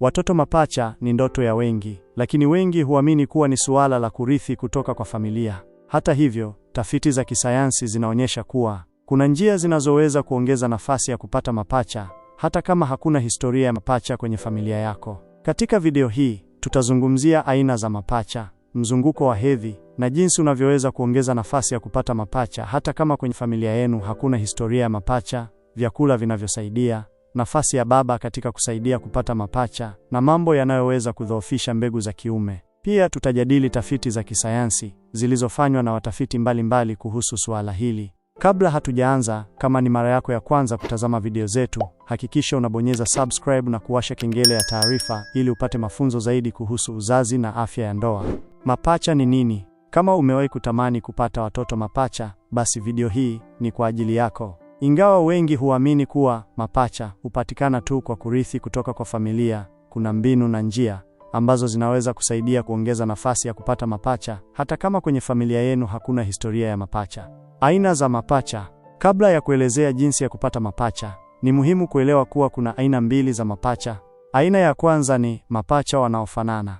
Watoto mapacha ni ndoto ya wengi, lakini wengi huamini kuwa ni suala la kurithi kutoka kwa familia. Hata hivyo, tafiti za kisayansi zinaonyesha kuwa kuna njia zinazoweza kuongeza nafasi ya kupata mapacha hata kama hakuna historia ya mapacha kwenye familia yako. Katika video hii, tutazungumzia aina za mapacha, mzunguko wa hedhi na jinsi unavyoweza kuongeza nafasi ya kupata mapacha hata kama kwenye familia yenu hakuna historia ya mapacha, vyakula vinavyosaidia nafasi ya baba katika kusaidia kupata mapacha na mambo yanayoweza kudhoofisha mbegu za kiume. Pia tutajadili tafiti za kisayansi zilizofanywa na watafiti mbalimbali mbali kuhusu suala hili. Kabla hatujaanza, kama ni mara yako ya kwanza kutazama video zetu, hakikisha unabonyeza subscribe na kuwasha kengele ya taarifa ili upate mafunzo zaidi kuhusu uzazi na afya ya ndoa. Mapacha ni nini? Kama umewahi kutamani kupata watoto mapacha, basi video hii ni kwa ajili yako. Ingawa wengi huamini kuwa mapacha hupatikana tu kwa kurithi kutoka kwa familia, kuna mbinu na njia ambazo zinaweza kusaidia kuongeza nafasi ya kupata mapacha hata kama kwenye familia yenu hakuna historia ya mapacha. Aina za mapacha. Kabla ya kuelezea jinsi ya kupata mapacha, ni muhimu kuelewa kuwa kuna aina mbili za mapacha. Aina ya kwanza ni mapacha wanaofanana,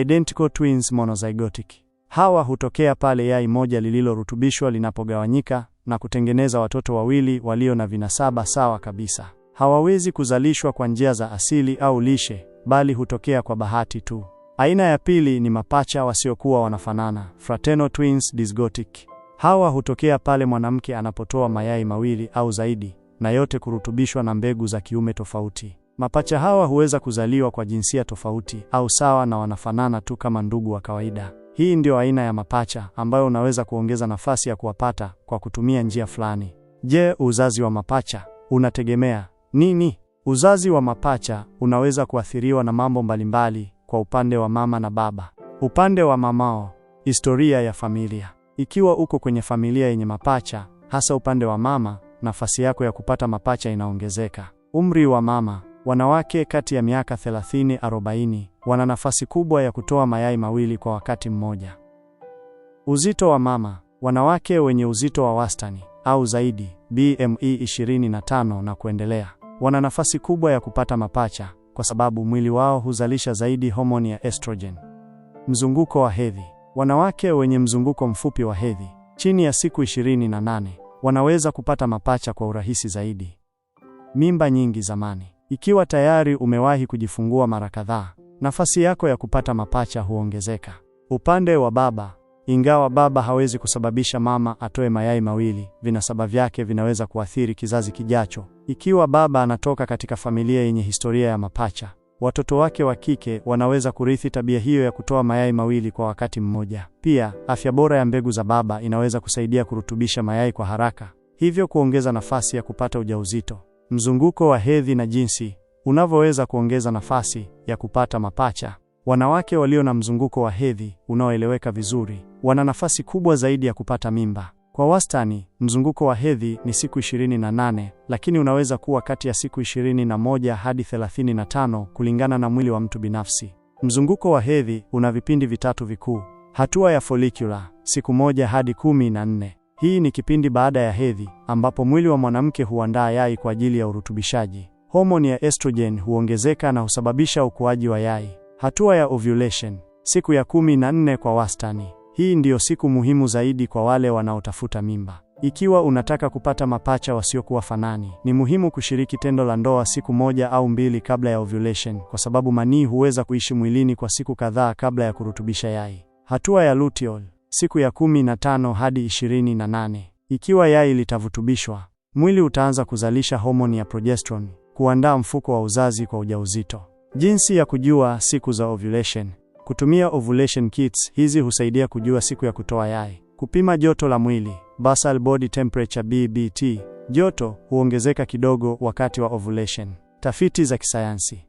identical twins monozygotic. Hawa hutokea pale yai moja lililorutubishwa linapogawanyika na kutengeneza watoto wawili walio na vinasaba sawa kabisa. Hawawezi kuzalishwa kwa njia za asili au lishe, bali hutokea kwa bahati tu. Aina ya pili ni mapacha wasiokuwa wanafanana, fraternal twins dysgotic. Hawa hutokea pale mwanamke anapotoa mayai mawili au zaidi, na yote kurutubishwa na mbegu za kiume tofauti. Mapacha hawa huweza kuzaliwa kwa jinsia tofauti au sawa na wanafanana tu kama ndugu wa kawaida. Hii ndio aina ya mapacha ambayo unaweza kuongeza nafasi ya kuwapata kwa kutumia njia fulani. Je, uzazi wa mapacha unategemea nini? Uzazi wa mapacha unaweza kuathiriwa na mambo mbalimbali kwa upande wa mama na baba. Upande wa mamao, historia ya familia. Ikiwa uko kwenye familia yenye mapacha, hasa upande wa mama, nafasi yako ya kupata mapacha inaongezeka. Umri wa mama Wanawake kati ya miaka 30-40 wana nafasi kubwa ya kutoa mayai mawili kwa wakati mmoja. Uzito wa mama: wanawake wenye uzito wa wastani au zaidi BMI e 25 na kuendelea wana nafasi kubwa ya kupata mapacha kwa sababu mwili wao huzalisha zaidi homoni ya estrogen. Mzunguko wa hedhi: wanawake wenye mzunguko mfupi wa hedhi chini ya siku 28 wanaweza kupata mapacha kwa urahisi zaidi. Mimba nyingi zamani ikiwa tayari umewahi kujifungua mara kadhaa, nafasi yako ya kupata mapacha huongezeka. Upande wa baba, ingawa baba hawezi kusababisha mama atoe mayai mawili, vinasaba vyake vinaweza kuathiri kizazi kijacho. Ikiwa baba anatoka katika familia yenye historia ya mapacha, watoto wake wa kike wanaweza kurithi tabia hiyo ya kutoa mayai mawili kwa wakati mmoja. Pia, afya bora ya mbegu za baba inaweza kusaidia kurutubisha mayai kwa haraka, hivyo kuongeza nafasi ya kupata ujauzito mzunguko wa hedhi na jinsi unavyoweza kuongeza nafasi ya kupata mapacha. Wanawake walio na mzunguko wa hedhi unaoeleweka vizuri wana nafasi kubwa zaidi ya kupata mimba. Kwa wastani, mzunguko wa hedhi ni siku 28, lakini unaweza kuwa kati ya siku 21 hadi 35 kulingana na mwili wa mtu binafsi. Mzunguko wa hedhi una vipindi vitatu vikuu: hatua ya follicular siku moja hadi kumi na nne hii ni kipindi baada ya hedhi ambapo mwili wa mwanamke huandaa yai kwa ajili ya urutubishaji. Homoni ya estrogen huongezeka na husababisha ukuaji wa yai. Hatua ya ovulation, siku ya kumi na nne kwa wastani. Hii ndiyo siku muhimu zaidi kwa wale wanaotafuta mimba. Ikiwa unataka kupata mapacha wasiokuwa fanani, ni muhimu kushiriki tendo la ndoa siku moja au mbili kabla ya ovulation, kwa sababu manii huweza kuishi mwilini kwa siku kadhaa kabla ya kurutubisha yai. Hatua ya luteal siku ya kumi na tano hadi ishirini na nane. Ikiwa yai litavutubishwa, mwili utaanza kuzalisha homoni ya progesterone kuandaa mfuko wa uzazi kwa ujauzito. Jinsi ya kujua siku za ovulation: kutumia ovulation kits. Hizi husaidia kujua siku ya kutoa yai. Kupima joto la mwili, basal body temperature BBT. Joto huongezeka kidogo wakati wa ovulation. Tafiti za kisayansi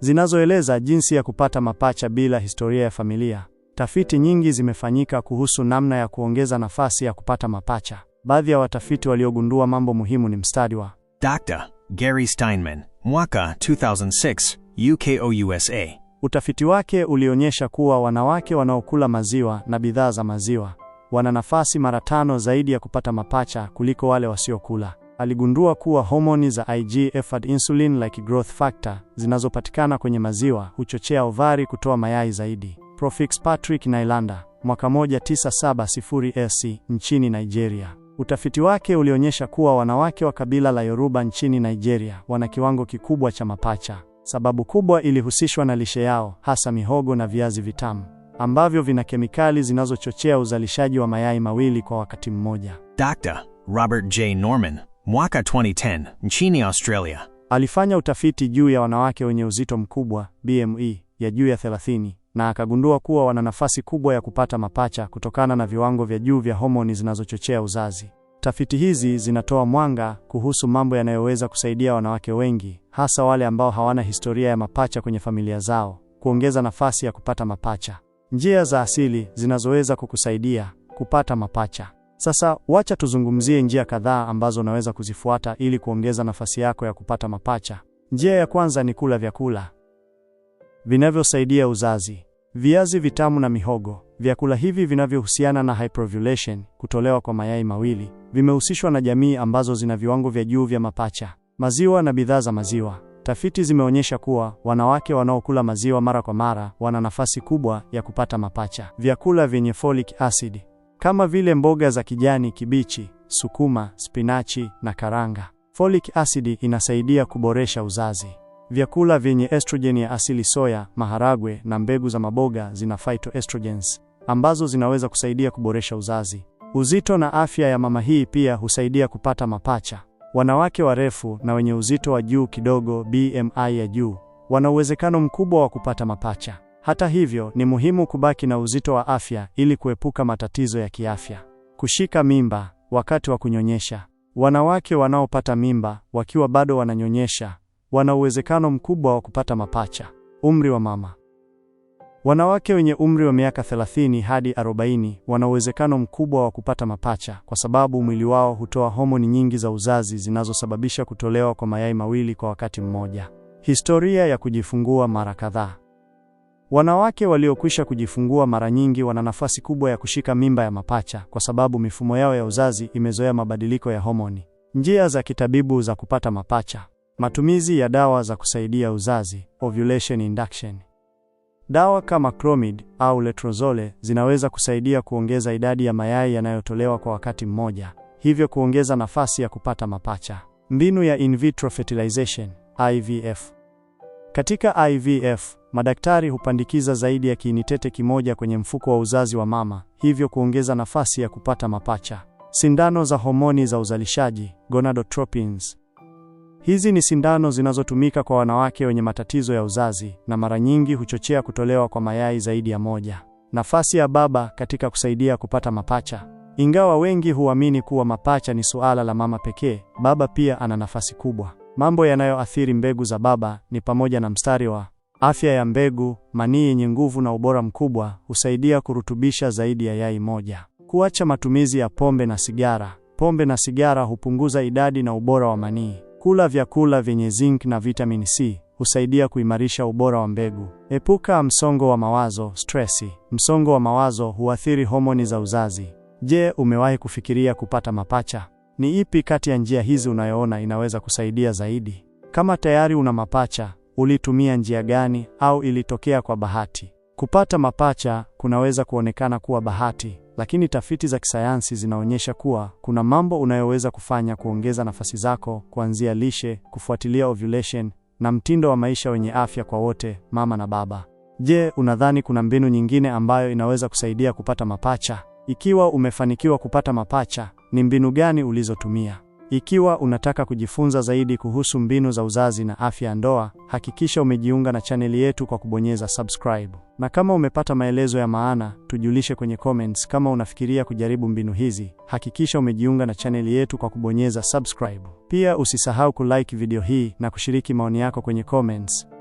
zinazoeleza jinsi ya kupata mapacha bila historia ya familia. Tafiti nyingi zimefanyika kuhusu namna ya kuongeza nafasi ya kupata mapacha. Baadhi ya watafiti waliogundua mambo muhimu ni mstari wa Dr. Gary Steinman, mwaka 2006, USA. Utafiti wake ulionyesha kuwa wanawake wanaokula maziwa na bidhaa za maziwa wana nafasi mara tano zaidi ya kupata mapacha kuliko wale wasiokula. Aligundua kuwa homoni za IGF and insulin like growth factor zinazopatikana kwenye maziwa huchochea ovari kutoa mayai zaidi. Profix Patrick Nailanda mwaka 1970 AC nchini Nigeria. Utafiti wake ulionyesha kuwa wanawake wa kabila la Yoruba nchini Nigeria wana kiwango kikubwa cha mapacha. Sababu kubwa ilihusishwa na lishe yao, hasa mihogo na viazi vitamu ambavyo vina kemikali zinazochochea uzalishaji wa mayai mawili kwa wakati mmoja. Dr. Robert J. Norman, mwaka 2010, nchini Australia, alifanya utafiti juu ya wanawake wenye uzito mkubwa BMI e, ya juu ya 30 na akagundua kuwa wana nafasi kubwa ya kupata mapacha kutokana na viwango vya juu vya homoni zinazochochea uzazi. Tafiti hizi zinatoa mwanga kuhusu mambo yanayoweza kusaidia wanawake wengi, hasa wale ambao hawana historia ya mapacha kwenye familia zao, kuongeza nafasi ya kupata mapacha. Njia za asili zinazoweza kukusaidia kupata mapacha. Sasa wacha tuzungumzie njia kadhaa ambazo unaweza kuzifuata ili kuongeza nafasi yako ya kupata mapacha. Njia ya kwanza ni kula vyakula vinavyosaidia uzazi. Viazi vitamu na mihogo. Vyakula hivi vinavyohusiana na hyperovulation, kutolewa kwa mayai mawili, vimehusishwa na jamii ambazo zina viwango vya juu vya mapacha. Maziwa na bidhaa za maziwa. Tafiti zimeonyesha kuwa wanawake wanaokula maziwa mara kwa mara wana nafasi kubwa ya kupata mapacha. Vyakula vyenye folic acid kama vile mboga za kijani kibichi, sukuma, spinachi na karanga. Folic acid inasaidia kuboresha uzazi. Vyakula vyenye estrogen ya asili, soya, maharagwe na mbegu za maboga zina phytoestrogens ambazo zinaweza kusaidia kuboresha uzazi, uzito na afya ya mama. Hii pia husaidia kupata mapacha. Wanawake warefu na wenye uzito wa juu kidogo, BMI ya juu, wana uwezekano mkubwa wa kupata mapacha. Hata hivyo, ni muhimu kubaki na uzito wa afya ili kuepuka matatizo ya kiafya. Kushika mimba wakati wa kunyonyesha. Wanawake wanaopata mimba wakiwa bado wananyonyesha wana uwezekano mkubwa wa kupata mapacha. Umri wa mama. Wanawake wenye umri wa miaka 30 hadi 40 wana uwezekano mkubwa wa kupata mapacha kwa sababu mwili wao hutoa homoni nyingi za uzazi zinazosababisha kutolewa kwa mayai mawili kwa wakati mmoja. Historia ya kujifungua mara kadhaa. Wanawake waliokwisha kujifungua mara nyingi wana nafasi kubwa ya kushika mimba ya mapacha kwa sababu mifumo yao ya uzazi imezoea mabadiliko ya homoni. Njia za kitabibu za kupata mapacha. Matumizi ya dawa za kusaidia uzazi, ovulation induction. Dawa kama Clomid au Letrozole zinaweza kusaidia kuongeza idadi ya mayai yanayotolewa kwa wakati mmoja, hivyo kuongeza nafasi ya kupata mapacha. Mbinu ya in vitro fertilization, IVF. Katika IVF, madaktari hupandikiza zaidi ya kiinitete kimoja kwenye mfuko wa uzazi wa mama, hivyo kuongeza nafasi ya kupata mapacha. Sindano za homoni za uzalishaji, gonadotropins. Hizi ni sindano zinazotumika kwa wanawake wenye matatizo ya uzazi na mara nyingi huchochea kutolewa kwa mayai zaidi ya moja. Nafasi ya baba katika kusaidia kupata mapacha. Ingawa wengi huamini kuwa mapacha ni suala la mama pekee, baba pia ana nafasi kubwa. Mambo yanayoathiri mbegu za baba ni pamoja na mstari wa afya ya mbegu. Manii yenye nguvu na ubora mkubwa husaidia kurutubisha zaidi ya yai moja. Kuacha matumizi ya pombe na sigara. Pombe na sigara hupunguza idadi na ubora wa manii. Kula vyakula vyenye zinc na vitamin C husaidia kuimarisha ubora wa mbegu. Epuka msongo wa mawazo stresi. Msongo wa mawazo huathiri homoni za uzazi. Je, umewahi kufikiria kupata mapacha? Ni ipi kati ya njia hizi unayoona inaweza kusaidia zaidi? Kama tayari una mapacha, ulitumia njia gani au ilitokea kwa bahati? Kupata mapacha kunaweza kuonekana kuwa bahati, lakini tafiti za kisayansi zinaonyesha kuwa kuna mambo unayoweza kufanya kuongeza nafasi zako, kuanzia lishe, kufuatilia ovulation na mtindo wa maisha wenye afya kwa wote, mama na baba. Je, unadhani kuna mbinu nyingine ambayo inaweza kusaidia kupata mapacha? Ikiwa umefanikiwa kupata mapacha, ni mbinu gani ulizotumia? Ikiwa unataka kujifunza zaidi kuhusu mbinu za uzazi na afya ya ndoa, hakikisha umejiunga na chaneli yetu kwa kubonyeza subscribe. Na kama umepata maelezo ya maana, tujulishe kwenye comments kama unafikiria kujaribu mbinu hizi. Hakikisha umejiunga na chaneli yetu kwa kubonyeza subscribe. Pia usisahau kulike video hii na kushiriki maoni yako kwenye comments.